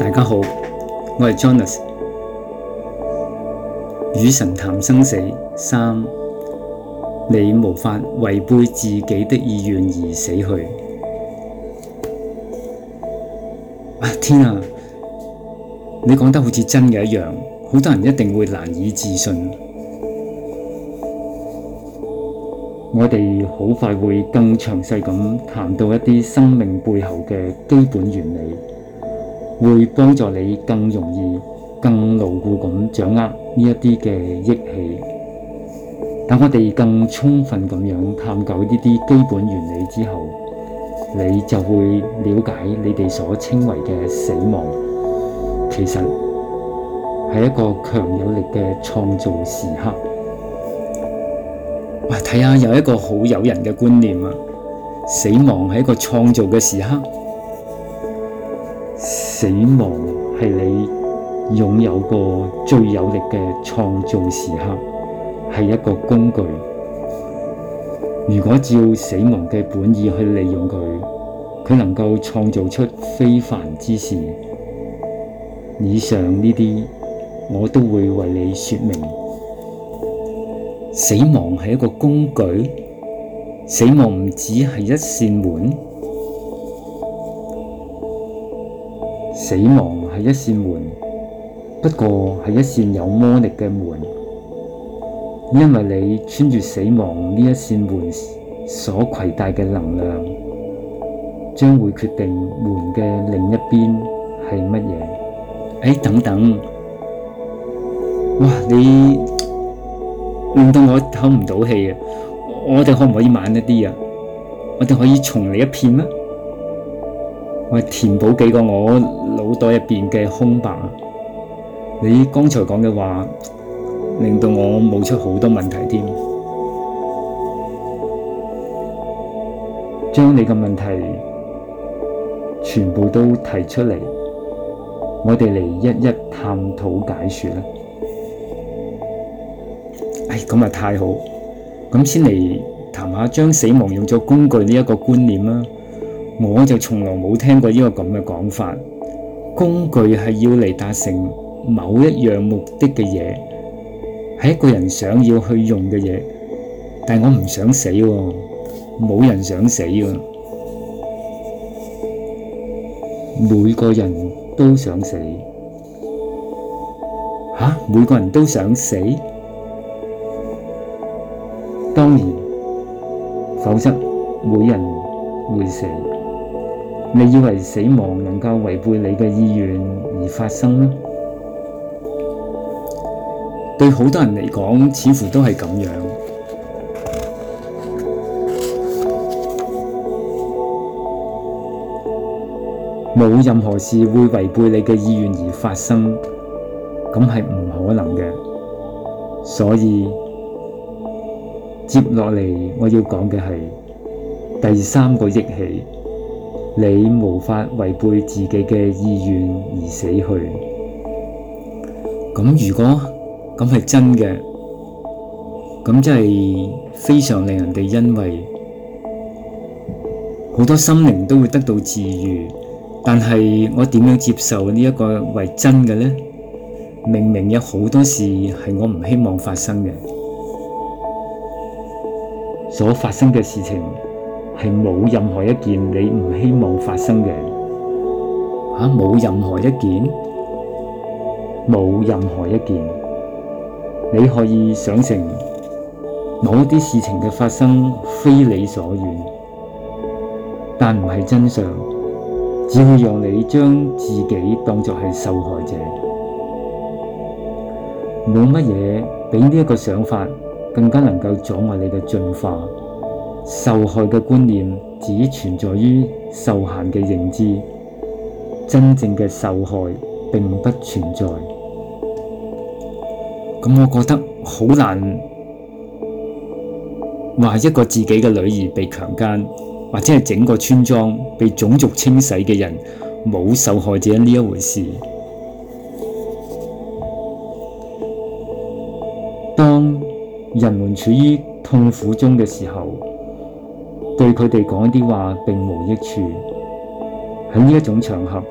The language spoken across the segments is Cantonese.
大家好，我係 Jonas。與神談生死三，你無法違背自己的意願而死去。啊，天啊！你講得好似真嘅一樣，好多人一定會難以置信。我哋好快會更詳細咁談到一啲生命背後嘅基本原理，會幫助你更容易、更牢固咁掌握呢一啲嘅益氣。等我哋更充分咁樣探究呢啲基本原理之後，你就會了解你哋所稱為嘅死亡，其實係一個強有力嘅創造時刻。哇！睇下有一個好誘人嘅觀念啊，死亡係一個創造嘅時刻，死亡係你擁有過最有力嘅創造時刻，係一個工具。如果照死亡嘅本意去利用佢，佢能夠創造出非凡之事。以上呢啲我都會為你說明。死亡係一個工具，死亡唔止係一扇門，死亡係一扇門，不過係一扇有魔力嘅門，因為你穿住死亡呢一扇門所攜帶嘅能量，將會決定門嘅另一邊係乜嘢。哎，等等，哇你！令到我唞唔到氣啊！我哋可唔可以慢一啲啊？我哋可以重嚟一遍咩？我哋填補幾個我腦袋入邊嘅空白啊！你剛才講嘅話，令到我冒出好多問題添。將你嘅問題全部都提出嚟，我哋嚟一一探討解說啦。唉，咁咪太好！咁先嚟談下將死亡用作工具呢一個觀念啦。我就從來冇聽過呢個咁嘅講法。工具係要嚟達成某一樣目的嘅嘢，係一個人想要去用嘅嘢。但係我唔想死喎，冇人想死啊！每個人都想死，吓？每個人都想死？否則，每人會死。你以為死亡能夠違背你嘅意願而發生嗎？對好多人嚟講，似乎都係咁樣。冇任何事會違背你嘅意願而發生，咁係唔可能嘅。所以。接落嚟，我要講嘅係第三個憶起，你無法違背自己嘅意願而死去。咁如果咁係真嘅，咁真係非常令人哋欣慰，好多心靈都會得到治愈。但係我點樣接受呢一個為真嘅呢？明明有好多事係我唔希望發生嘅。所發生嘅事情係冇任何一件你唔希望發生嘅，啊，冇任何一件，冇任何一件，你可以想成某啲事情嘅發生非你所願，但唔係真相，只會讓你將自己當作係受害者，冇乜嘢俾呢一個想法，更加能夠阻礙你嘅進化。受害嘅觀念只存在於受限嘅認知，真正嘅受害並不存在。咁我覺得好難話一個自己嘅女兒被強姦，或者係整個村莊被種族清洗嘅人冇受害者呢一回事。人們處於痛苦中嘅時候，對佢哋講一啲話並無益處。喺呢一種場合，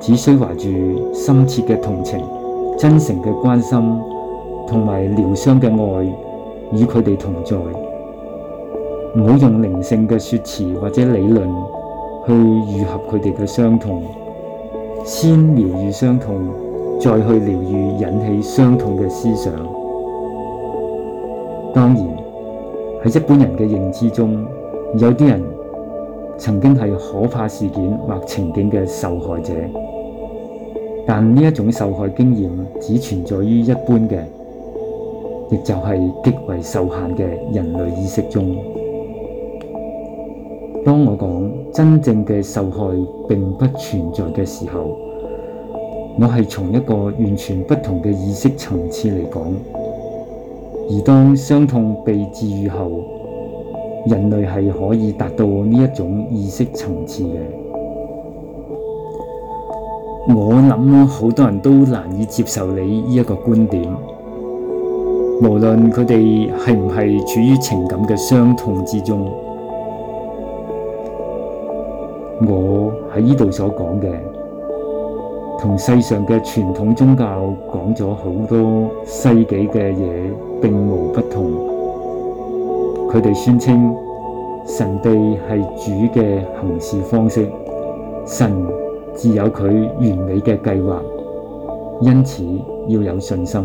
只需懷住深切嘅同情、真誠嘅關心同埋療傷嘅愛，與佢哋同在。唔好用靈性嘅説辭或者理論去愈合佢哋嘅傷痛，先療愈傷痛，再去療愈引起傷痛嘅思想。當然，喺一般人嘅認知中，有啲人曾經係可怕事件或情景嘅受害者，但呢一種受害經驗只存在於一般嘅，亦就係極為受限嘅人類意識中。當我講真正嘅受害並不存在嘅時候，我係從一個完全不同嘅意識層次嚟講。而當傷痛被治癒後，人類係可以達到呢一種意識層次嘅。我諗好多人都難以接受你呢一個觀點，無論佢哋係唔係處於情感嘅傷痛之中。我喺呢度所講嘅，同世上嘅傳統宗教講咗好多世紀嘅嘢，並無不同。佢哋宣稱，神地係主嘅行事方式，神自有佢完美嘅計劃，因此要有信心。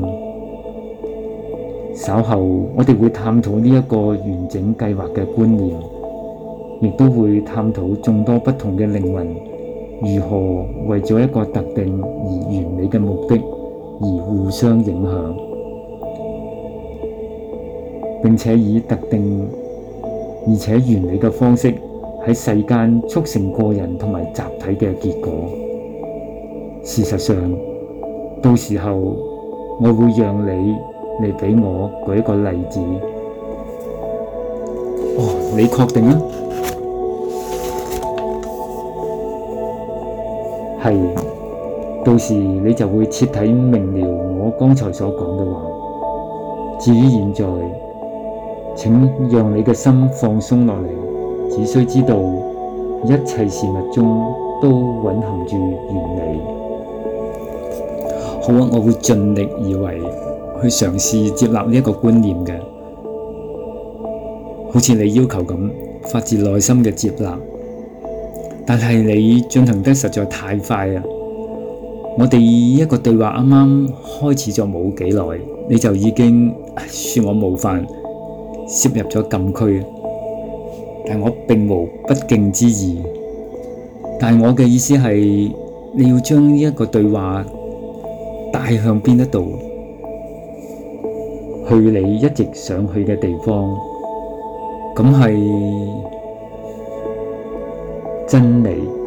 稍後我哋會探討呢一個完整計劃嘅觀念，亦都會探討眾多不同嘅靈魂如何為咗一個特定而完美嘅目的而互相影響。並且以特定而且原理嘅方式喺世間促成個人同埋集體嘅結果。事實上，到時候我會讓你嚟俾我舉一個例子。哦，你確定啊？係，到時你就會徹底明了我剛才所講嘅話。至於現在。請讓你嘅心放鬆落嚟，只需知道一切事物中都蘊含住原理。好啊，我會盡力而為去嘗試接納呢一個觀念嘅，好似你要求咁，發自內心嘅接納。但係你進行得實在太快啊！我哋一個對話啱啱開始咗冇幾耐，你就已經算我冒犯。涉入咗禁區，但我並無不敬之意，但我嘅意思係，你要將呢一個對話帶向邊一度？去你一直想去嘅地方，咁係真理。